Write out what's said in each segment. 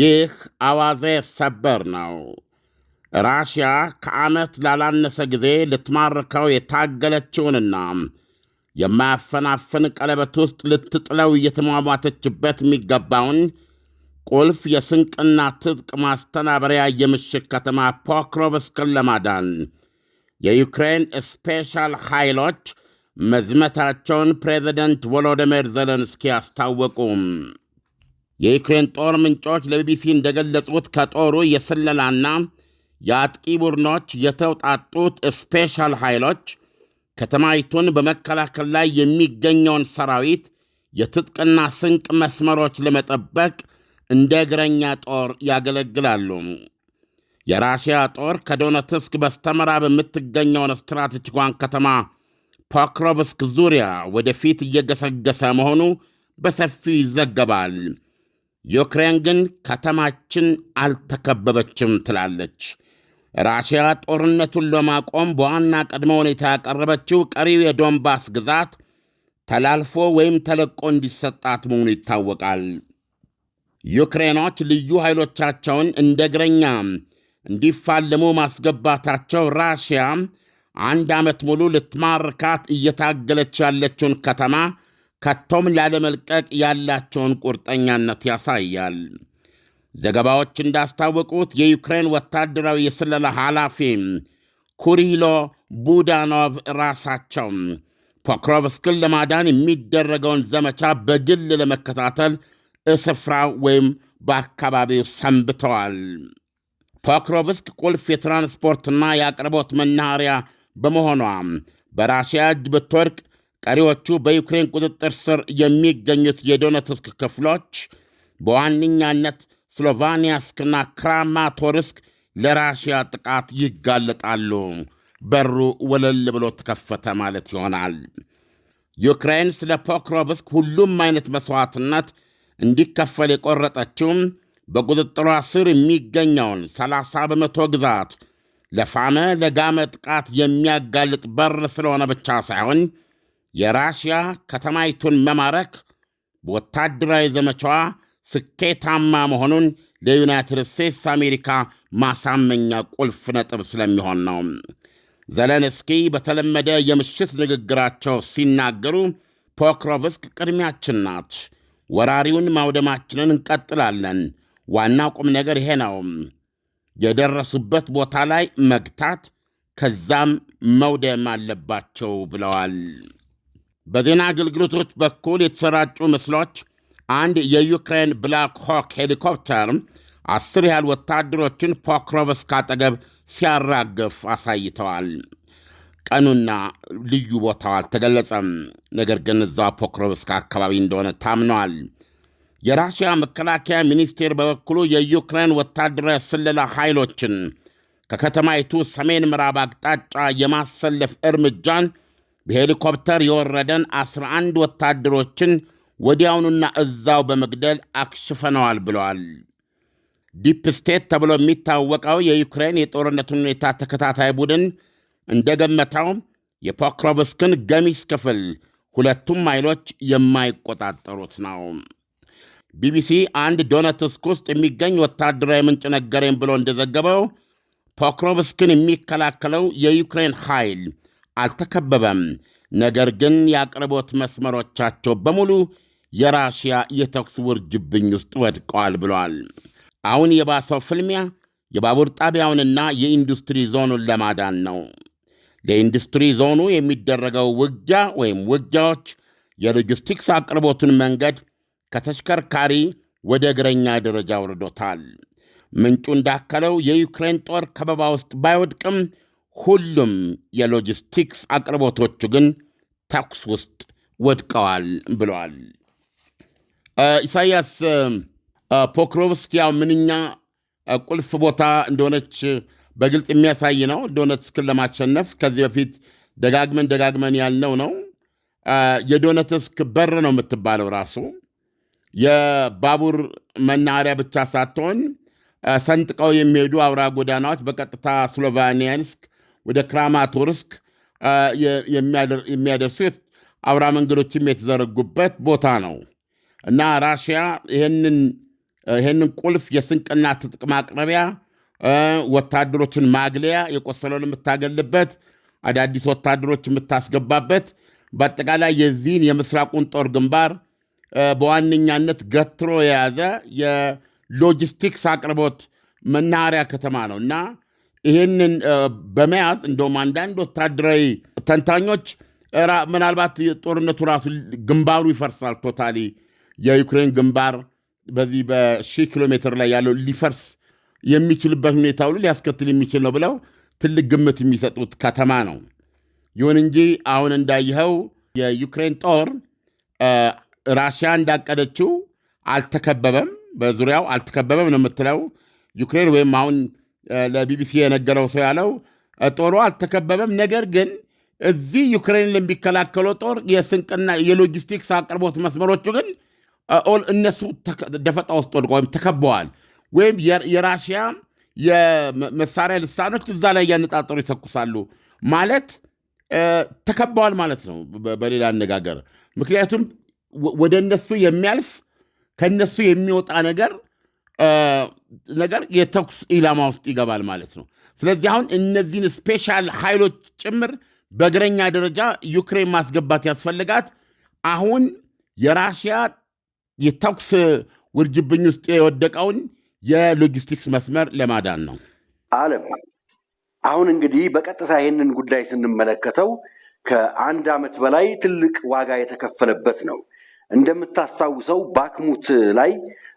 ይህ አዋዜ ሰበር ነው። ራሽያ ከዓመት ላላነሰ ጊዜ ልትማርከው የታገለችውንና የማያፈናፍን ቀለበት ውስጥ ልትጥለው እየተሟሟተችበት የሚገባውን ቁልፍ የስንቅና ትጥቅ ማስተናበሪያ የምሽግ ከተማ ፖክሮቭስክን ለማዳን የዩክሬን ስፔሻል ኃይሎች መዝመታቸውን ፕሬዚደንት ቮሎዲሚር ዘለንስኪ አስታወቁ። የዩክሬን ጦር ምንጮች ለቢቢሲ እንደገለጹት ከጦሩ የስለላና የአጥቂ ቡድኖች የተውጣጡት ስፔሻል ኃይሎች ከተማይቱን በመከላከል ላይ የሚገኘውን ሰራዊት የትጥቅና ስንቅ መስመሮች ለመጠበቅ እንደ እግረኛ ጦር ያገለግላሉ። የራሽያ ጦር ከዶነትስክ በስተምዕራብ የምትገኘውን ስትራቴጂኳን ከተማ በኦክሮብስክ ዙሪያ ወደፊት እየገሰገሰ መሆኑ በሰፊው ይዘገባል። ዩክሬን ግን ከተማችን አልተከበበችም ትላለች። ራሽያ ጦርነቱን ለማቆም በዋና ቅድመ ሁኔታ ያቀረበችው ቀሪው የዶንባስ ግዛት ተላልፎ ወይም ተለቆ እንዲሰጣት መሆኑ ይታወቃል። ዩክሬኖች ልዩ ኃይሎቻቸውን እንደ እግረኛ እንዲፋለሙ ማስገባታቸው ራሽያ አንድ ዓመት ሙሉ ልትማርካት እየታገለች ያለችውን ከተማ ከቶም ላለመልቀቅ ያላቸውን ቁርጠኛነት ያሳያል። ዘገባዎች እንዳስታወቁት የዩክሬን ወታደራዊ የስለላ ኃላፊ ኩሪሎ ቡዳኖቭ ራሳቸው ፖክሮቭስክን ለማዳን የሚደረገውን ዘመቻ በግል ለመከታተል እስፍራ ወይም በአካባቢው ሰንብተዋል። ፖክሮቭስክ ቁልፍ የትራንስፖርትና የአቅርቦት መናኸሪያ በመሆኗ በራሽያ እጅ ብትወድቅ ቀሪዎቹ በዩክሬን ቁጥጥር ስር የሚገኙት የዶነትስክ ክፍሎች በዋነኛነት ስሎቫኒያስክና ክራማቶርስክ ለራሽያ ጥቃት ይጋለጣሉ። በሩ ወለል ብሎ ተከፈተ ማለት ይሆናል። ዩክሬን ስለ ፖክሮቭስክ ሁሉም አይነት መሥዋዕትነት እንዲከፈል የቆረጠችው በቁጥጥሯ ስር የሚገኘውን 30 በመቶ ግዛት ለፋመ ለጋመ ጥቃት የሚያጋልጥ በር ስለሆነ ብቻ ሳይሆን የራሽያ ከተማይቱን መማረክ በወታደራዊ ዘመቻዋ ስኬታማ መሆኑን ለዩናይትድ ስቴትስ አሜሪካ ማሳመኛ ቁልፍ ነጥብ ስለሚሆን ነው። ዘለንስኪ በተለመደ የምሽት ንግግራቸው ሲናገሩ ፖክሮቭስክ ቅድሚያችን ናት፣ ወራሪውን ማውደማችንን እንቀጥላለን። ዋናው ቁም ነገር ይሄ ነው። የደረሱበት ቦታ ላይ መግታት ከዛም መውደም አለባቸው ብለዋል። በዜና አገልግሎቶች በኩል የተሰራጩ ምስሎች አንድ የዩክሬን ብላክ ሆክ ሄሊኮፕተር አስር ያህል ወታደሮችን ፖክሮቭስክ አጠገብ ሲያራግፍ አሳይተዋል። ቀኑና ልዩ ቦታው አልተገለጸም። ነገር ግን እዛ ፖክሮቭስክ አካባቢ እንደሆነ ታምነዋል። የራሽያ መከላከያ ሚኒስቴር በበኩሉ የዩክሬን ወታደራዊ ስለላ ኃይሎችን ከከተማይቱ ሰሜን ምዕራብ አቅጣጫ የማሰለፍ እርምጃን በሄሊኮፕተር የወረደን 11 ወታደሮችን ወዲያውኑና እዛው በመግደል አክሽፈነዋል ብለዋል። ዲፕ ስቴት ተብሎ የሚታወቀው የዩክሬን የጦርነቱን ሁኔታ ተከታታይ ቡድን እንደገመተው የፖክሮቭስክን ገሚስ ክፍል ሁለቱም ኃይሎች የማይቆጣጠሩት ነው። ቢቢሲ አንድ ዶነትስክ ውስጥ የሚገኝ ወታደራዊ ምንጭ ነገረኝ ብሎ እንደዘገበው ፖክሮቭስክን የሚከላከለው የዩክሬን ኃይል አልተከበበም። ነገር ግን የአቅርቦት መስመሮቻቸው በሙሉ የራሽያ የተኩስ ውርጅብኝ ውስጥ ወድቀዋል ብሏል። አሁን የባሰው ፍልሚያ የባቡር ጣቢያውንና የኢንዱስትሪ ዞኑን ለማዳን ነው። ለኢንዱስትሪ ዞኑ የሚደረገው ውጊያ ወይም ውጊያዎች የሎጂስቲክስ አቅርቦቱን መንገድ ከተሽከርካሪ ወደ እግረኛ ደረጃ ወርዶታል። ምንጩ እንዳከለው የዩክሬን ጦር ከበባ ውስጥ ባይወድቅም ሁሉም የሎጂስቲክስ አቅርቦቶቹ ግን ተኩስ ውስጥ ወድቀዋል ብለዋል። ኢሳያስ ፖክሮቭስክ ያው ምንኛ ቁልፍ ቦታ እንደሆነች በግልጽ የሚያሳይ ነው። ዶነትስክን ለማሸነፍ ከዚህ በፊት ደጋግመን ደጋግመን ያልነው ነው። የዶነትስክ በር ነው የምትባለው ራሱ የባቡር መናኸሪያ ብቻ ሳትሆን ሰንጥቀው የሚሄዱ አውራ ጎዳናዎች በቀጥታ ስሎቫኒያንስክ ወደ ክራማቶርስክ የሚያደርሱ አውራ መንገዶችም የተዘረጉበት ቦታ ነው እና ራሽያ ይህንን ቁልፍ የስንቅና ትጥቅ ማቅረቢያ፣ ወታደሮችን ማግለያ፣ የቆሰለውን የምታገልበት፣ አዳዲስ ወታደሮች የምታስገባበት፣ በአጠቃላይ የዚህን የምስራቁን ጦር ግንባር በዋነኛነት ገትሮ የያዘ የሎጂስቲክስ አቅርቦት መናኸሪያ ከተማ ነው እና ይህንን በመያዝ እንደውም አንዳንድ ወታደራዊ ተንታኞች ምናልባት ጦርነቱ ራሱ ግንባሩ ይፈርሳል፣ ቶታሊ የዩክሬን ግንባር በዚህ በሺህ ኪሎ ሜትር ላይ ያለው ሊፈርስ የሚችልበት ሁኔታ ሁሉ ሊያስከትል የሚችል ነው ብለው ትልቅ ግምት የሚሰጡት ከተማ ነው። ይሁን እንጂ አሁን እንዳየኸው የዩክሬን ጦር ራሽያ እንዳቀደችው አልተከበበም፣ በዙሪያው አልተከበበም ነው የምትለው ዩክሬን። ወይም አሁን ለቢቢሲ የነገረው ሰው ያለው ጦሩ አልተከበበም፣ ነገር ግን እዚህ ዩክሬን ለሚከላከለው ጦር የስንቅና የሎጂስቲክስ አቅርቦት መስመሮቹ ግን እነሱ ደፈጣ ውስጥ ወድቀ ወይም ተከበዋል። ወይም የራሽያ የመሳሪያ ልሳኖች እዛ ላይ እያነጣጠሩ ይተኩሳሉ ማለት ተከበዋል ማለት ነው፣ በሌላ አነጋገር ምክንያቱም ወደ እነሱ የሚያልፍ ከእነሱ የሚወጣ ነገር ነገር የተኩስ ኢላማ ውስጥ ይገባል ማለት ነው። ስለዚህ አሁን እነዚህን ስፔሻል ኃይሎች ጭምር በእግረኛ ደረጃ ዩክሬን ማስገባት ያስፈልጋት። አሁን የራሽያ የተኩስ ውርጅብኝ ውስጥ የወደቀውን የሎጂስቲክስ መስመር ለማዳን ነው። አለም አሁን እንግዲህ በቀጥታ ይህንን ጉዳይ ስንመለከተው ከአንድ ዓመት በላይ ትልቅ ዋጋ የተከፈለበት ነው። እንደምታስታውሰው ባክሙት ላይ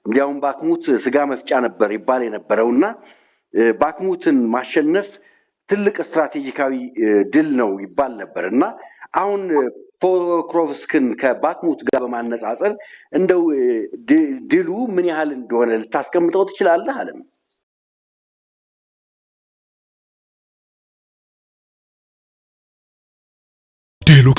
እንዲያውም ባክሙት ስጋ መፍጫ ነበር ይባል የነበረው እና ባክሙትን ማሸነፍ ትልቅ ስትራቴጂካዊ ድል ነው ይባል ነበር እና አሁን ፖክሮቭስክን ከባክሙት ጋር በማነጻጸር እንደው ድሉ ምን ያህል እንደሆነ ልታስቀምጠው ትችላለህ አለም?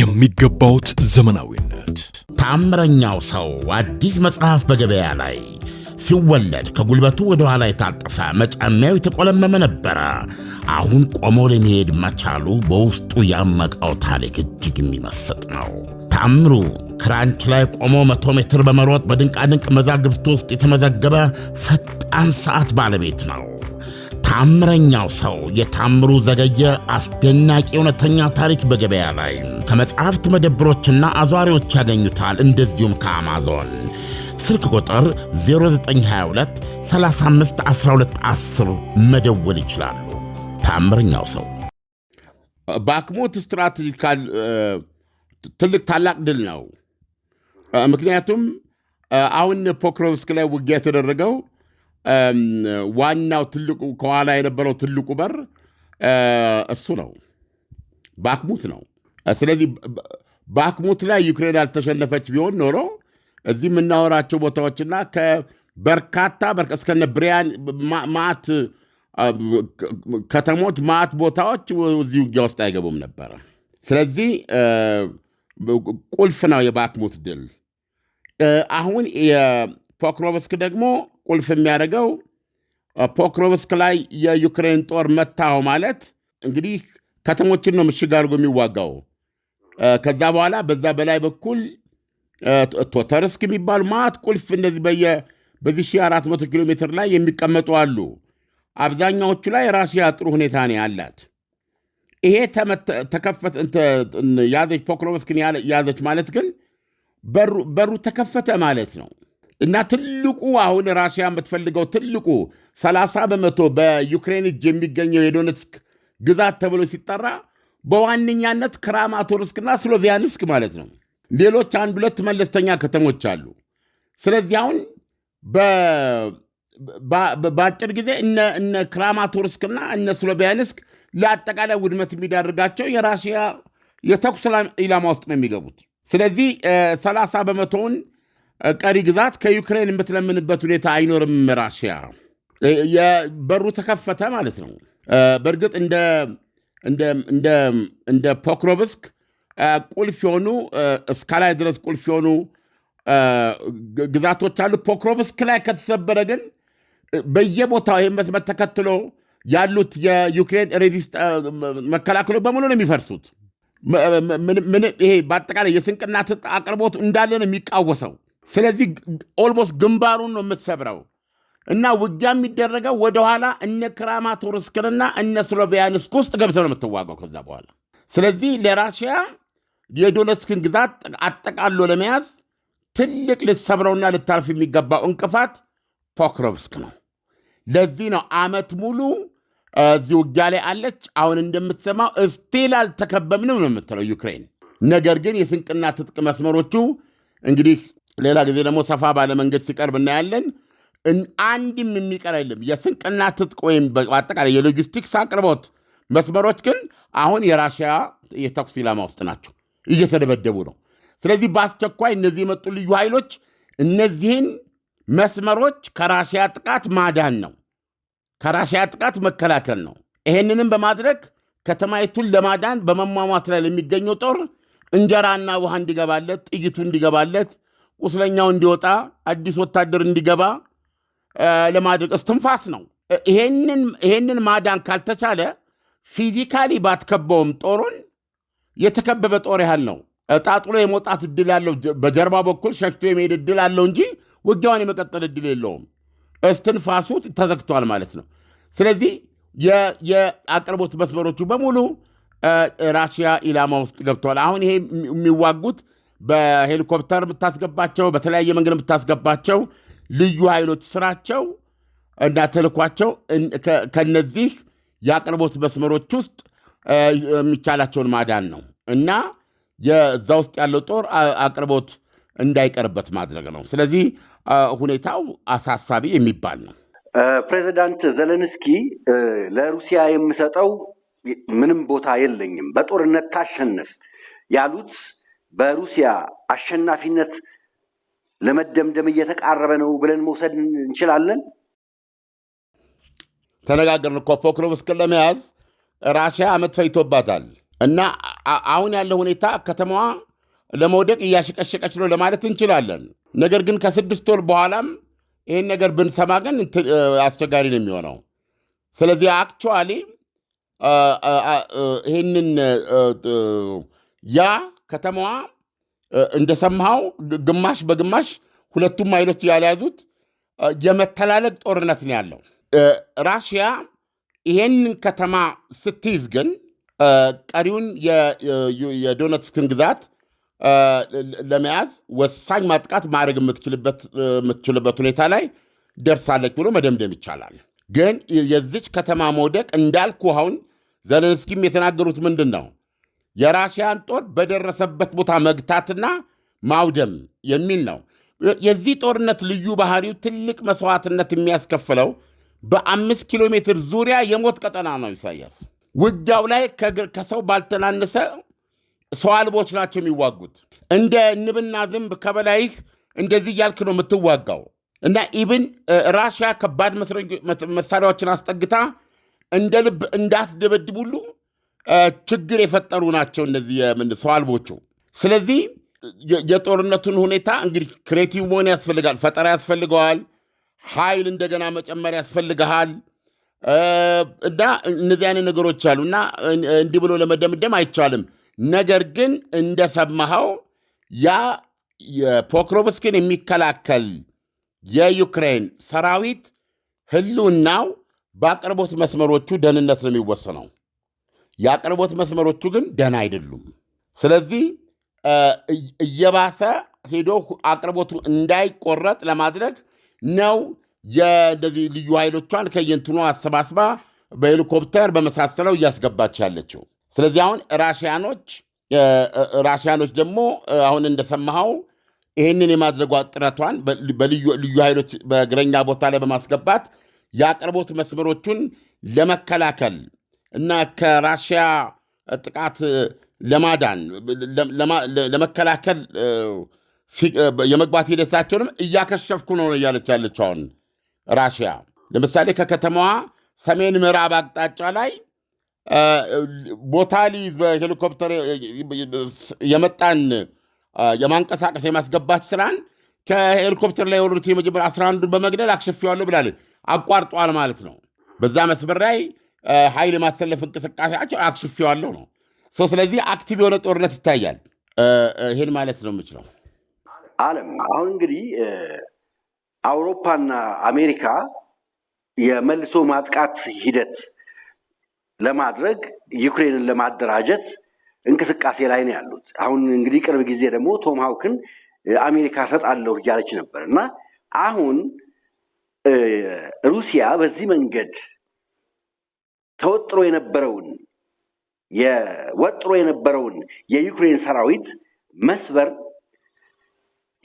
የሚገባውት ዘመናዊነት ታምረኛው ሰው አዲስ መጽሐፍ በገበያ ላይ ሲወለድ ከጉልበቱ ወደ ኋላ የታጠፈ መጫሚያው የተቆለመመ ነበረ። አሁን ቆሞ ለመሄድ መቻሉ በውስጡ ያመቀው ታሪክ እጅግ የሚመስጥ ነው። ታምሩ ክራንች ላይ ቆሞ መቶ ሜትር በመሮጥ በድንቃድንቅ መዛግብት ውስጥ የተመዘገበ ፈጣን ሰዓት ባለቤት ነው። ታምረኛው ሰው የታምሩ ዘገየ አስደናቂ እውነተኛ ታሪክ በገበያ ላይ ከመጽሐፍት መደብሮችና አዟሪዎች ያገኙታል። እንደዚሁም ከአማዞን ስልክ ቁጥር 0922 መደወል ይችላሉ። ታምረኛው ሰው ባክሞት ስትራቴጂካል ትልቅ ታላቅ ድል ነው። ምክንያቱም አሁን ፖክሮቭስክ ላይ ውጊያ የተደረገው ዋናው ትልቁ ከኋላ የነበረው ትልቁ በር እሱ ነው፣ ባክሙት ነው። ስለዚህ ባክሙት ላይ ዩክሬን ያልተሸነፈች ቢሆን ኖሮ እዚህ የምናወራቸው ቦታዎችና ከበርካታ እስከነ ብሪያን ማት ከተሞች ማት ቦታዎች እዚህ ውጊያ ውስጥ አይገቡም ነበረ። ስለዚህ ቁልፍ ነው የባክሙት ድል። አሁን የፖክሮቭስክ ደግሞ ቁልፍ የሚያደርገው ፖክሮቭስክ ላይ የዩክሬን ጦር መታው ማለት እንግዲህ ከተሞችን ነው ምሽግ አድርጎ የሚዋጋው። ከዛ በኋላ በዛ በላይ በኩል ቶተርስክ የሚባሉ ማት ቁልፍ እነዚህ በየ በዚህ 400 ኪሎ ሜትር ላይ የሚቀመጡ አሉ። አብዛኛዎቹ ላይ ራሽያ ጥሩ ሁኔታ ነው ያላት። ይሄ ተከፈት ያዘች ፖክሮቭስክን ያዘች ማለት ግን በሩ ተከፈተ ማለት ነው። እና ትልቁ አሁን ራሽያ የምትፈልገው ትልቁ 30 በመቶ በዩክሬን እጅ የሚገኘው የዶኔትስክ ግዛት ተብሎ ሲጠራ በዋነኛነት ክራማቶርስክና ስሎቪያንስክ ማለት ነው። ሌሎች አንድ ሁለት መለስተኛ ከተሞች አሉ። ስለዚህ አሁን በአጭር ጊዜ እነ ክራማቶርስክና እነ ስሎቪያንስክ ለአጠቃላይ ውድመት የሚዳርጋቸው የራሽያ የተኩስ ኢላማ ውስጥ ነው የሚገቡት። ስለዚህ 30 በመቶውን ቀሪ ግዛት ከዩክሬን የምትለምንበት ሁኔታ አይኖርም። ራሽያ በሩ ተከፈተ ማለት ነው። በእርግጥ እንደ ፖክሮብስክ ቁልፍ የሆኑ እስካላይ ድረስ ቁልፍ የሆኑ ግዛቶች አሉ። ፖክሮብስክ ላይ ከተሰበረ ግን በየቦታው ይህን መስመር ተከትሎ ያሉት የዩክሬን ሬዲስ መከላከሎች በሙሉ ነው የሚፈርሱት። ይሄ በአጠቃላይ የስንቅና አቅርቦት እንዳለ ነው የሚቃወሰው። ስለዚህ ኦልሞስት ግንባሩን ነው የምትሰብረው እና ውጊያ የሚደረገው ወደኋላ እነ ክራማቶርስክንና እነ ስሎቪያንስክ ውስጥ ገብሰ ነው የምትዋጋው ከዛ በኋላ። ስለዚህ ለራሽያ የዶነስክን ግዛት አጠቃሎ ለመያዝ ትልቅ ልትሰብረውና ልታልፍ የሚገባው እንቅፋት ፖክሮቭስክ ነው። ለዚህ ነው አመት ሙሉ እዚህ ውጊያ ላይ አለች። አሁን እንደምትሰማው እስቴል አልተከበምንም ነው የምትለው ዩክሬን። ነገር ግን የስንቅና ትጥቅ መስመሮቹ እንግዲህ ሌላ ጊዜ ደግሞ ሰፋ ባለ መንገድ ሲቀርብ እናያለን። አንድም የሚቀር የለም። የስንቅና ትጥቅ ወይም በአጠቃላይ የሎጂስቲክስ አቅርቦት መስመሮች ግን አሁን የራሽያ የተኩስ ኢላማ ውስጥ ናቸው፣ እየተደበደቡ ነው። ስለዚህ በአስቸኳይ እነዚህ የመጡ ልዩ ኃይሎች እነዚህን መስመሮች ከራሽያ ጥቃት ማዳን ነው፣ ከራሽያ ጥቃት መከላከል ነው። ይሄንንም በማድረግ ከተማይቱን ለማዳን በመሟሟት ላይ ለሚገኘው ጦር እንጀራና ውሃ እንዲገባለት ጥይቱ እንዲገባለት ቁስለኛው እንዲወጣ አዲስ ወታደር እንዲገባ ለማድረግ እስትንፋስ ነው። ይሄንን ማዳን ካልተቻለ ፊዚካሊ ባትከበውም ጦሩን የተከበበ ጦር ያህል ነው። ጣጥሎ የመውጣት እድል አለው በጀርባ በኩል ሸሽቶ የመሄድ እድል አለው እንጂ ውጊያውን የመቀጠል እድል የለውም። እስትንፋሱ ተዘግቷል ማለት ነው። ስለዚህ የአቅርቦት መስመሮቹ በሙሉ ራሽያ ኢላማ ውስጥ ገብተዋል። አሁን ይሄ የሚዋጉት በሄሊኮፕተር የምታስገባቸው በተለያየ መንገድ የምታስገባቸው ልዩ ኃይሎች ስራቸው እና ተልኳቸው ከነዚህ የአቅርቦት መስመሮች ውስጥ የሚቻላቸውን ማዳን ነው እና የዛ ውስጥ ያለው ጦር አቅርቦት እንዳይቀርበት ማድረግ ነው። ስለዚህ ሁኔታው አሳሳቢ የሚባል ነው። ፕሬዚዳንት ዘለንስኪ ለሩሲያ የምሰጠው ምንም ቦታ የለኝም በጦርነት ታሸንፍ ያሉት በሩሲያ አሸናፊነት ለመደምደም እየተቃረበ ነው ብለን መውሰድ እንችላለን። ተነጋገርን እኮ ፖክሮቭስክን ለመያዝ ራሽያ ዓመት ፈይቶባታል እና አሁን ያለ ሁኔታ ከተማዋ ለመውደቅ እያሸቀሸቀች ነው ለማለት እንችላለን። ነገር ግን ከስድስት ወር በኋላም ይህን ነገር ብንሰማ ግን አስቸጋሪ ነው የሚሆነው። ስለዚህ አክቹዋሊ ይህንን ያ ከተማዋ እንደሰማው ግማሽ በግማሽ ሁለቱም ኃይሎች ያልያዙት የመተላለቅ ጦርነት ነው ያለው። ራሽያ ይሄንን ከተማ ስትይዝ ግን ቀሪውን የዶነትስክን ግዛት ለመያዝ ወሳኝ ማጥቃት ማድረግ የምትችልበት ሁኔታ ላይ ደርሳለች ብሎ መደምደም ይቻላል። ግን የዚች ከተማ መውደቅ እንዳልኩ አሁን ዘለንስኪም የተናገሩት ምንድን ነው የራሽያን ጦር በደረሰበት ቦታ መግታትና ማውደም የሚል ነው። የዚህ ጦርነት ልዩ ባህሪው ትልቅ መስዋዕትነት የሚያስከፍለው በአምስት ኪሎ ሜትር ዙሪያ የሞት ቀጠና ነው። ኢሳያስ ውጊያው ላይ ከሰው ባልተናነሰ ሰው አልቦች ናቸው የሚዋጉት። እንደ ንብና ዝንብ ከበላይህ እንደዚህ እያልክ ነው የምትዋጋው እና ኢብን ራሽያ ከባድ መሳሪያዎችን አስጠግታ እንደ ልብ እንዳትደበድብ ሁሉ ችግር የፈጠሩ ናቸው እነዚህ ሰው አልቦቹ። ስለዚህ የጦርነቱን ሁኔታ እንግዲህ ክሬቲቭ መሆን ያስፈልጋል። ፈጠራ ያስፈልገዋል። ኃይል እንደገና መጨመር ያስፈልግሃል። እና እነዚህ አይነት ነገሮች አሉ እና እንዲህ ብሎ ለመደምደም አይቻልም። ነገር ግን እንደሰማኸው ያ የፖክሮቭስክን የሚከላከል የዩክሬን ሰራዊት ህልውናው በአቅርቦት መስመሮቹ ደህንነት ነው የሚወሰነው። የአቅርቦት መስመሮቹ ግን ደህና አይደሉም። ስለዚህ እየባሰ ሄዶ አቅርቦቱ እንዳይቆረጥ ለማድረግ ነው የደዚህ ልዩ ኃይሎቿን ከየንትኖ አሰባስባ በሄሊኮፕተር በመሳሰለው እያስገባች ያለችው። ስለዚህ አሁን ራሽያኖች ራሽያኖች ደግሞ አሁን እንደሰማኸው ይህንን የማድረጓ ጥረቷን በልዩ ኃይሎች በእግረኛ ቦታ ላይ በማስገባት የአቅርቦት መስመሮቹን ለመከላከል እና ከራሽያ ጥቃት ለማዳን ለመከላከል የመግባት ሂደታቸውንም እያከሸፍኩ ነው እያለች ያለች አሁን ራሽያ ለምሳሌ ከከተማዋ ሰሜን ምዕራብ አቅጣጫ ላይ ቦታ ሊይዝ በሄሊኮፕተር የመጣን የማንቀሳቀስ የማስገባት ስራን ከሄሊኮፕተር ላይ የወረዱት የመጀመሪያ 11ዱን በመግደል አክሸፊዋለሁ ብላለች። አቋርጧል ማለት ነው። በዛ መስመር ላይ ኃይል የማሰለፍ እንቅስቃሴያቸው አክሽፌዋለሁ ነው። ስለዚህ አክቲቭ የሆነ ጦርነት ይታያል። ይህን ማለት ነው የምችለው። አለም አሁን እንግዲህ አውሮፓና አሜሪካ የመልሶ ማጥቃት ሂደት ለማድረግ ዩክሬንን ለማደራጀት እንቅስቃሴ ላይ ነው ያሉት። አሁን እንግዲህ ቅርብ ጊዜ ደግሞ ቶም ሀውክን አሜሪካ ሰጣለሁ እያለች ነበር እና አሁን ሩሲያ በዚህ መንገድ ተወጥሮ የነበረውን የወጥሮ የነበረውን የዩክሬን ሰራዊት መስበር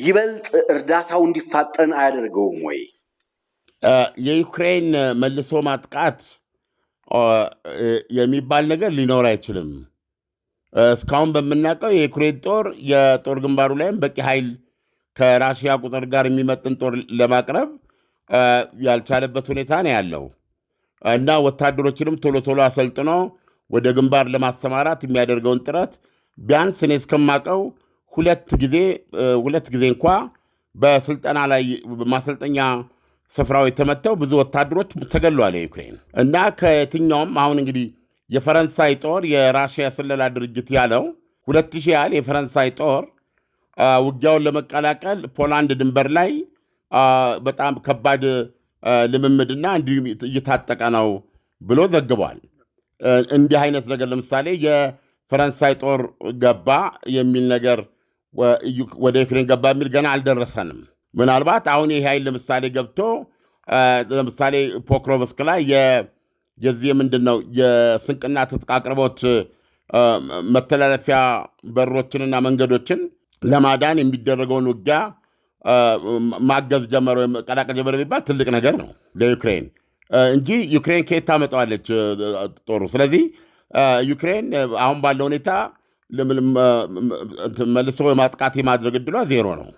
ይበልጥ እርዳታው እንዲፋጠን አያደርገውም ወይ? የዩክሬን መልሶ ማጥቃት የሚባል ነገር ሊኖር አይችልም። እስካሁን በምናውቀው የዩክሬን ጦር የጦር ግንባሩ ላይም በቂ ኃይል ከራሽያ ቁጥር ጋር የሚመጥን ጦር ለማቅረብ ያልቻለበት ሁኔታ ነው ያለው። እና ወታደሮችንም ቶሎ ቶሎ አሰልጥኖ ወደ ግንባር ለማሰማራት የሚያደርገውን ጥረት ቢያንስ እኔ እስከማቀው ሁለት ጊዜ ሁለት ጊዜ እንኳ በስልጠና ላይ ማሰልጠኛ ስፍራው የተመተው ብዙ ወታደሮች ተገሏል። የዩክሬን እና ከየትኛውም አሁን እንግዲህ የፈረንሳይ ጦር የራሽያ ስለላ ድርጅት ያለው ሁለት ሺህ ያህል የፈረንሳይ ጦር ውጊያውን ለመቀላቀል ፖላንድ ድንበር ላይ በጣም ከባድ ልምምድና እንዲሁም እየታጠቀ ነው ብሎ ዘግቧል። እንዲህ አይነት ነገር ለምሳሌ የፈረንሳይ ጦር ገባ የሚል ነገር ወደ ዩክሬን ገባ የሚል ገና አልደረሰንም። ምናልባት አሁን ይህ ኃይል ለምሳሌ ገብቶ ለምሳሌ ፖክሮቭስክ ላይ የዚህ ምንድን ነው የስንቅና ትጥቅ አቅርቦት መተላለፊያ በሮችንና መንገዶችን ለማዳን የሚደረገውን ውጊያ ማገዝ ጀመረ ወይም ቀላቀል ጀመረ የሚባል ትልቅ ነገር ነው ለዩክሬን እንጂ ዩክሬን ከየት ታመጣዋለች ጦሩ? ስለዚህ ዩክሬን አሁን ባለው ሁኔታ መልሶ ማጥቃት የማድረግ እድሏ ዜሮ ነው።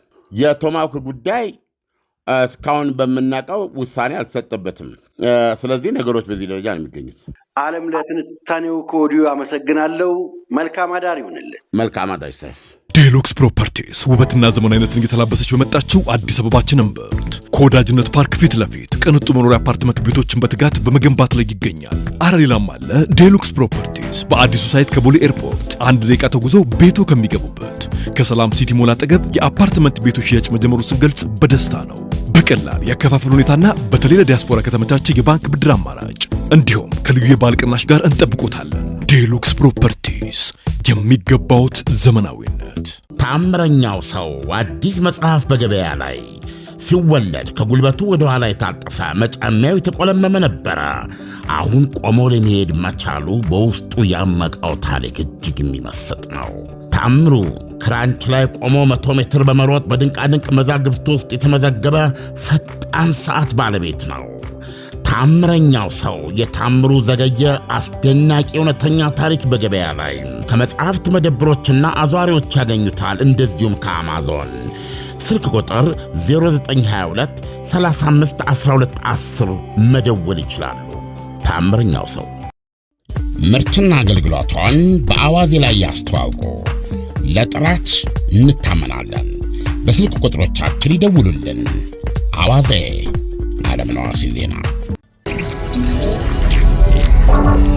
የቶማክ ጉዳይ እስካሁን በምናውቀው ውሳኔ አልተሰጠበትም። ስለዚህ ነገሮች በዚህ ደረጃ ነው የሚገኙት። አለም ለትንታኔው ከወዲሁ አመሰግናለሁ። መልካም አዳር ይሆንልን። መልካም አዳር ሳይስ ዴሉክስ ፕሮፐርቲስ ውበትና ዘመናዊነትን እየተላበሰች በመጣችው አዲስ አበባችን እምብርት ከወዳጅነት ፓርክ ፊት ለፊት ቅንጡ መኖሪያ አፓርትመንት ቤቶችን በትጋት በመገንባት ላይ ይገኛል። አረ ሌላም አለ። ዴሉክስ ፕሮፐርቲስ በአዲሱ ሳይት ከቦሌ ኤርፖርት አንድ ደቂቃ ተጉዞ ቤቶ ከሚገቡበት ከሰላም ሲቲ ሞል አጠገብ የአፓርትመንት ቤቶች ሽያጭ መጀመሩ ስንገልጽ በደስታ ነው። በቀላል ያከፋፈል ሁኔታና በተለይ ለዲያስፖራ ከተመቻቸ የባንክ ብድር አማራጭ እንዲሁም ከልዩ የባል ቅናሽ ጋር እንጠብቆታለን። ዴሉክስ ፕሮፐርቲስ የሚገባውት ዘመናዊነት። ታምረኛው ሰው አዲስ መጽሐፍ በገበያ ላይ ሲወለድ ከጉልበቱ ወደ ኋላ የታጠፈ መጫሚያው የተቆለመመ ነበረ። አሁን ቆሞ ለመሄድ መቻሉ በውስጡ ያመቀው ታሪክ እጅግ የሚመስጥ ነው። ታምሩ ክራንች ላይ ቆሞ መቶ ሜትር በመሮጥ በድንቃድንቅ መዛግብት ውስጥ የተመዘገበ ፈጣን ሰዓት ባለቤት ነው። ታምረኛው ሰው የታምሩ ዘገየ አስደናቂ እውነተኛ ታሪክ በገበያ ላይ ከመጽሐፍት መደብሮችና አዟሪዎች ያገኙታል። እንደዚሁም ከአማዞን ስልክ ቁጥር 0922351210 መደወል ይችላሉ። ታምረኛው ሰው ምርትና አገልግሎቷን በአዋዜ ላይ ያስተዋውቁ። ለጥራች እንታመናለን። በስልክ ቁጥሮቻችን ይደውሉልን። አዋዜ አለምነህ ዋሴ ዜና Thank you.